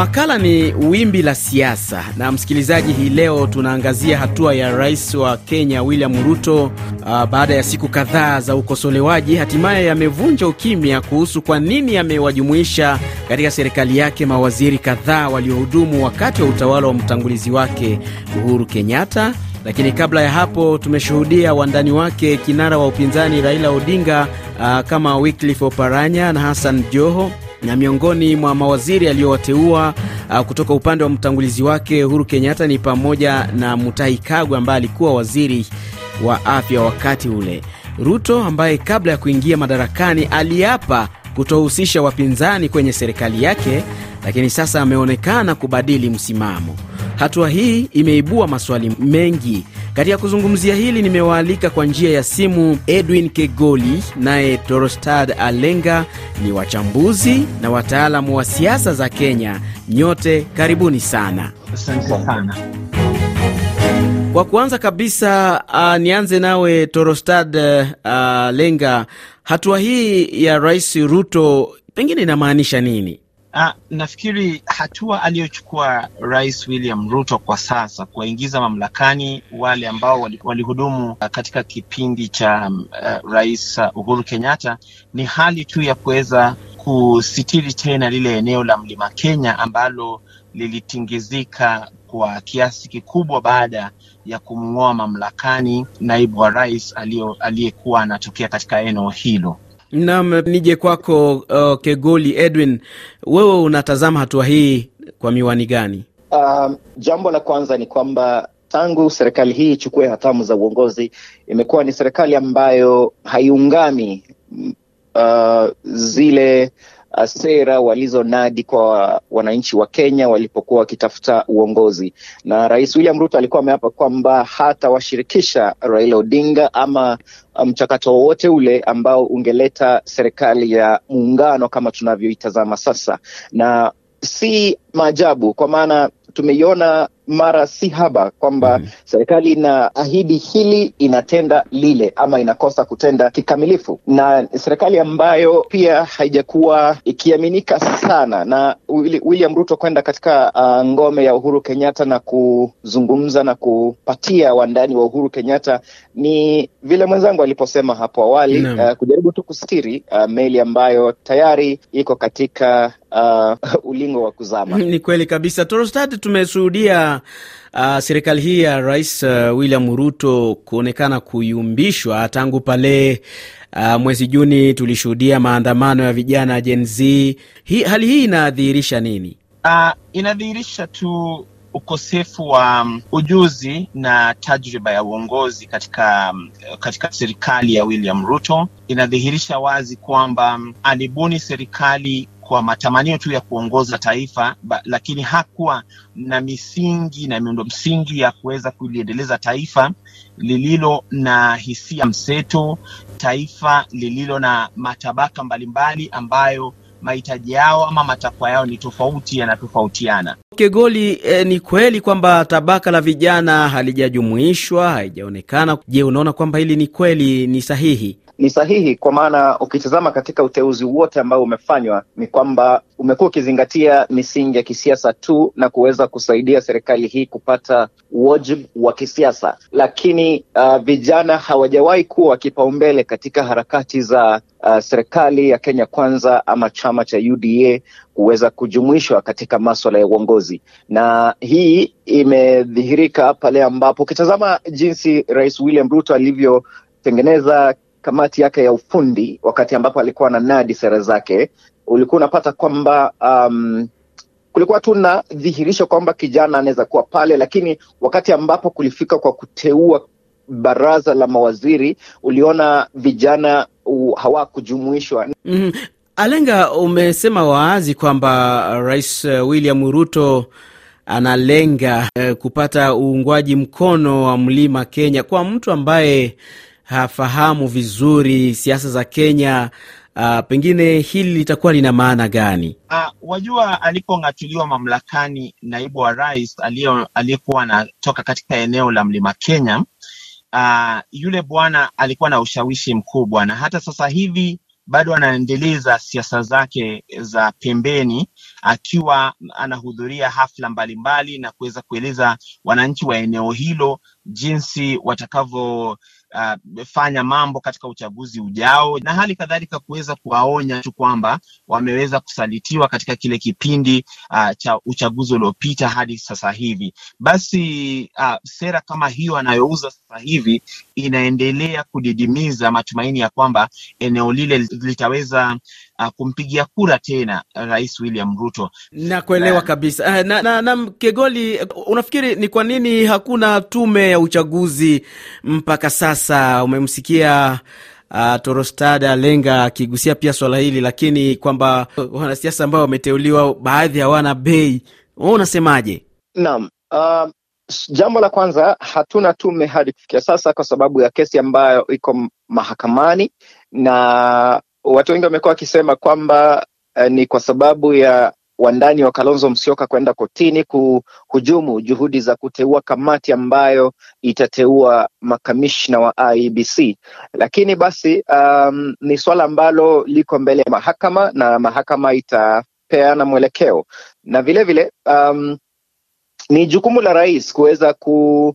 Makala ni wimbi la siasa, na msikilizaji, hii leo tunaangazia hatua ya rais wa Kenya William Ruto. Uh, baada ya siku kadhaa za ukosolewaji, hatimaye yamevunja ukimya kuhusu kwa nini amewajumuisha katika serikali yake mawaziri kadhaa waliohudumu wakati wa utawala wa mtangulizi wake Uhuru Kenyatta. Lakini kabla ya hapo tumeshuhudia wandani wake kinara wa upinzani Raila Odinga, uh, kama Wycliffe Oparanya na Hassan Joho na miongoni mwa mawaziri aliyowateua uh, kutoka upande wa mtangulizi wake Uhuru Kenyatta ni pamoja na Mutahi Kagwe ambaye alikuwa waziri wa afya wakati ule. Ruto ambaye kabla ya kuingia madarakani aliapa kutohusisha wapinzani kwenye serikali yake, lakini sasa ameonekana kubadili msimamo. Hatua hii imeibua maswali mengi katika kuzungumzia hili nimewaalika kwa njia ya simu Edwin Kegoli naye Torostad Alenga, ni wachambuzi na wataalamu wa siasa za Kenya. Nyote karibuni sana. Kwa kuanza kabisa uh, nianze nawe Torostad uh, Lenga, hatua hii ya Rais Ruto pengine inamaanisha nini? Ah, nafikiri hatua aliyochukua Rais William Ruto kwa sasa kuwaingiza mamlakani wale ambao walihudumu katika kipindi cha um, uh, Rais Uhuru Kenyatta ni hali tu ya kuweza kusitiri tena lile eneo la Mlima Kenya ambalo lilitingizika kwa kiasi kikubwa baada ya kumng'oa mamlakani naibu wa rais aliyekuwa anatokea katika eneo hilo. Nam, nije kwako uh, Kegoli Edwin, wewe unatazama hatua hii kwa miwani gani? Um, jambo la kwanza ni kwamba tangu serikali hii ichukue hatamu za uongozi imekuwa ni serikali ambayo haiungami mm, uh, zile sera walizonadi kwa wananchi wa Kenya walipokuwa wakitafuta uongozi, na Rais William Ruto alikuwa ameapa kwamba hatawashirikisha Raila Odinga ama um, mchakato wowote ule ambao ungeleta serikali ya muungano kama tunavyoitazama sasa, na si maajabu kwa maana tumeiona mara si haba kwamba mm. serikali inaahidi hili inatenda lile ama inakosa kutenda kikamilifu, na serikali ambayo pia haijakuwa ikiaminika sana, na William Ruto kwenda katika uh, ngome ya Uhuru Kenyatta na kuzungumza na kupatia wandani wa Uhuru Kenyatta ni vile mwenzangu aliposema hapo awali, uh, kujaribu tu kustiri uh, meli ambayo tayari iko katika uh, ulingo wa kuzama. Ni kweli kabisa, Torostad. Tumeshuhudia uh, serikali hii ya Rais uh, William Ruto kuonekana kuyumbishwa tangu pale uh, mwezi Juni tulishuhudia maandamano ya vijana Gen Z. Hi, hali hii inadhihirisha nini? Uh, inadhihirisha tu ukosefu wa um, ujuzi na tajriba ya uongozi katika um, katika serikali ya William Ruto. Inadhihirisha wazi kwamba um, alibuni serikali kwa matamanio tu ya kuongoza taifa ba, lakini hakuwa na misingi na miundo msingi ya kuweza kuliendeleza taifa lililo na hisia mseto, taifa lililo na matabaka mbalimbali ambayo mahitaji yao ama matakwa yao ni tofauti yanatofautiana. Kegoli, eh, ni kweli kwamba tabaka la vijana halijajumuishwa, haijaonekana. Je, unaona kwamba hili ni kweli, ni sahihi? ni sahihi, kwa maana ukitazama katika uteuzi wote ambao umefanywa ni kwamba umekuwa ukizingatia misingi ya kisiasa tu na kuweza kusaidia serikali hii kupata wajibu wa kisiasa, lakini uh, vijana hawajawahi kuwa kipaumbele katika harakati za uh, serikali ya Kenya Kwanza ama chama cha UDA kuweza kujumuishwa katika maswala ya uongozi, na hii imedhihirika pale ambapo ukitazama jinsi Rais William Ruto alivyotengeneza kamati yake ya ufundi wakati ambapo alikuwa na nadi sera zake, ulikuwa unapata kwamba um, kulikuwa tu na dhihirisho kwamba kijana anaweza kuwa pale, lakini wakati ambapo kulifika kwa kuteua baraza la mawaziri, uliona vijana hawakujumuishwa. mm-hmm. Alenga, umesema wazi kwamba Rais uh, William Ruto analenga eh, kupata uungwaji mkono wa Mlima Kenya kwa mtu ambaye hafahamu vizuri siasa za Kenya. Uh, pengine hili litakuwa lina maana gani? Uh, wajua, alipong'atuliwa mamlakani naibu wa rais aliyekuwa anatoka katika eneo la mlima Kenya, uh, yule bwana alikuwa na ushawishi mkubwa, na hata sasa hivi bado anaendeleza siasa zake za pembeni akiwa anahudhuria hafla mbalimbali mbali, na kuweza kueleza wananchi wa eneo hilo jinsi watakavyo uh, fanya mambo katika uchaguzi ujao, na hali kadhalika kuweza kuwaonya tu kwamba wameweza kusalitiwa katika kile kipindi uh, cha uchaguzi uliopita hadi sasa hivi. Basi uh, sera kama hiyo anayouza sasa hivi inaendelea kudidimiza matumaini ya kwamba eneo lile litaweza Ah, kumpigia kura tena Rais William Ruto. Nakuelewa kabisa. Eh, na, na, na Kegoli, unafikiri ni kwa nini hakuna tume ya uchaguzi mpaka sasa? Umemsikia Uh, ah, Torostada Lenga akigusia pia swala hili, lakini kwamba wanasiasa ambao wameteuliwa baadhi hawana bei. Wewe unasemaje? Naam, uh, jambo la kwanza hatuna tume hadi kufikia sasa kwa sababu ya kesi ambayo iko mahakamani na watu wengi wamekuwa wakisema kwamba eh, ni kwa sababu ya wandani wa Kalonzo Musyoka kwenda kotini kuhujumu juhudi za kuteua kamati ambayo itateua makamishna wa IEBC. Lakini basi um, ni swala ambalo liko mbele ya mahakama na mahakama itapeana mwelekeo, na vilevile vile, um, ni jukumu la rais kuweza ku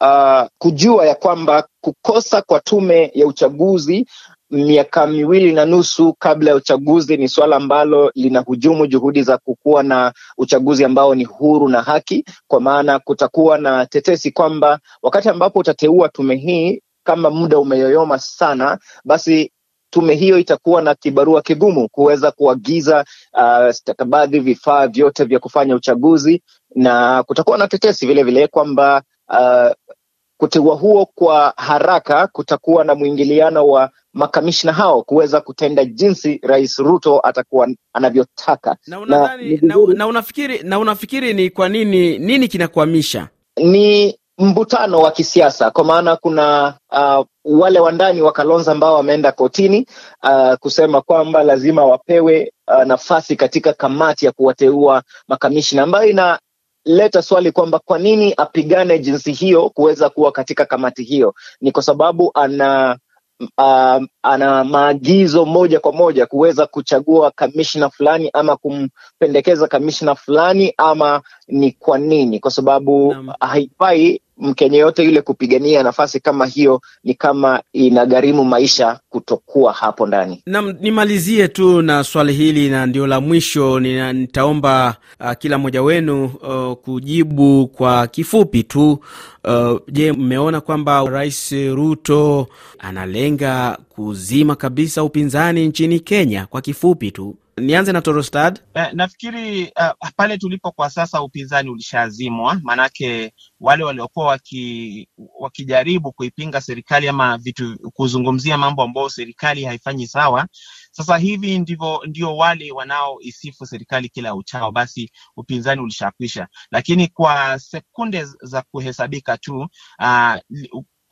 Uh, kujua ya kwamba kukosa kwa tume ya uchaguzi miaka miwili na nusu kabla ya uchaguzi ni suala ambalo linahujumu juhudi za kukuwa na uchaguzi ambao ni huru na haki, kwa maana kutakuwa na tetesi kwamba wakati ambapo utateua tume hii, kama muda umeyoyoma sana, basi tume hiyo itakuwa na kibarua kigumu kuweza kuagiza uh, stakabadhi, vifaa vyote vya kufanya uchaguzi, na kutakuwa na tetesi vilevile kwamba uh, Kuteua huo kwa haraka kutakuwa na mwingiliano wa makamishna hao kuweza kutenda jinsi Rais Ruto atakuwa anavyotaka. Na unafikiri na, na, na, unafikiri, na unafikiri ni kwa nini nini kinakwamisha? Ni mvutano wa kisiasa kwa maana kuna uh, wale wandani wa kalonza ambao wameenda kotini uh, kusema kwamba lazima wapewe uh, nafasi katika kamati ya kuwateua makamishna ambayo ina leta swali kwamba kwa nini apigane jinsi hiyo kuweza kuwa katika kamati hiyo, ni kwa sababu ana uh, ana maagizo moja kwa moja kuweza kuchagua kamishna fulani ama kumpendekeza kamishna fulani, ama ni kwa nini? Kwa sababu haifai Mkenya yote yule kupigania nafasi kama hiyo ni kama inagharimu maisha kutokuwa hapo ndani. nam nimalizie tu na swali hili na ndio la mwisho. Nitaomba uh, kila mmoja wenu uh, kujibu kwa kifupi tu. Uh, je, mmeona kwamba Rais Ruto analenga kuzima kabisa upinzani nchini Kenya? Kwa kifupi tu. Nianze na Torostad. Eh, nafikiri uh, pale tulipo kwa sasa upinzani ulishazimwa, maanake wale waliokuwa waki, wakijaribu kuipinga serikali ama vitu kuzungumzia mambo ambayo serikali haifanyi sawa, sasa hivi ndivyo ndio wale wanaoisifu serikali kila uchao, basi upinzani ulishakwisha. Lakini kwa sekunde za kuhesabika tu uh,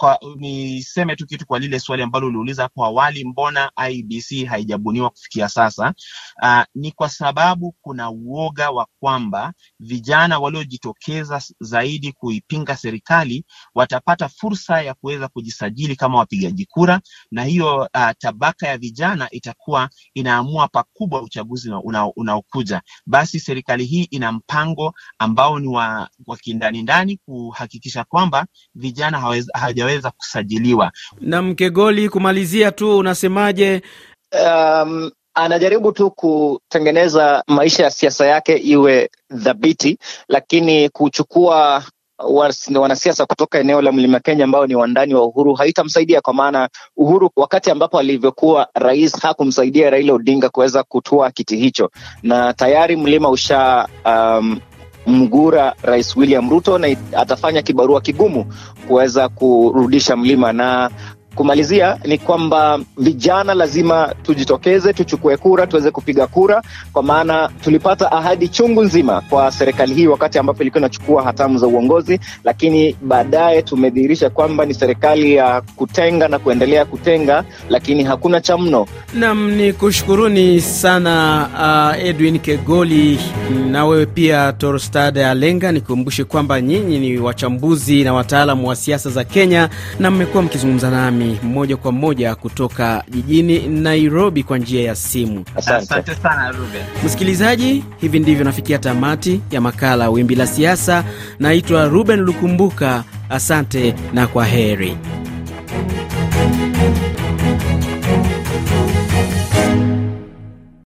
kwa, niseme tu kitu kwa lile swali ambalo uliuliza hapo awali, mbona ibc haijabuniwa kufikia sasa? Uh, ni kwa sababu kuna uoga wa kwamba vijana waliojitokeza zaidi kuipinga serikali watapata fursa ya kuweza kujisajili kama wapigaji kura, na hiyo uh, tabaka ya vijana itakuwa inaamua pakubwa uchaguzi unaokuja. Una basi serikali hii ina mpango ambao ni wa, wa kindani ndani kuhakikisha kwamba vijana hawajaweza wataweza kusajiliwa. Na Mkegoli, kumalizia tu, unasemaje? um, anajaribu tu kutengeneza maisha ya siasa yake iwe dhabiti, lakini kuchukua wanasiasa kutoka eneo la Mlima Kenya ambao ni wandani wa Uhuru haitamsaidia kwa maana Uhuru wakati ambapo alivyokuwa rais hakumsaidia Raila Odinga kuweza kutua kiti hicho, na tayari mlima usha um, mgura Rais William Ruto na atafanya kibarua kigumu kuweza kurudisha mlima na Kumalizia ni kwamba vijana lazima tujitokeze, tuchukue kura, tuweze kupiga kura, kwa maana tulipata ahadi chungu nzima kwa serikali hii wakati ambapo ilikuwa inachukua hatamu za uongozi, lakini baadaye tumedhihirisha kwamba ni serikali ya kutenga na kuendelea kutenga, lakini hakuna cha mno. Nam ni kushukuruni sana uh, Edwin Kegoli na wewe pia Torostad Alenga. Nikumbushe kwamba nyinyi ni wachambuzi na wataalamu wa siasa za Kenya na mmekuwa mkizungumza nami nami moja kwa moja kutoka jijini Nairobi kwa njia ya simu. Asante sana Ruben. Msikilizaji, hivi ndivyo nafikia tamati ya makala Wimbi la Siasa. Naitwa Ruben Lukumbuka, asante na kwa heri.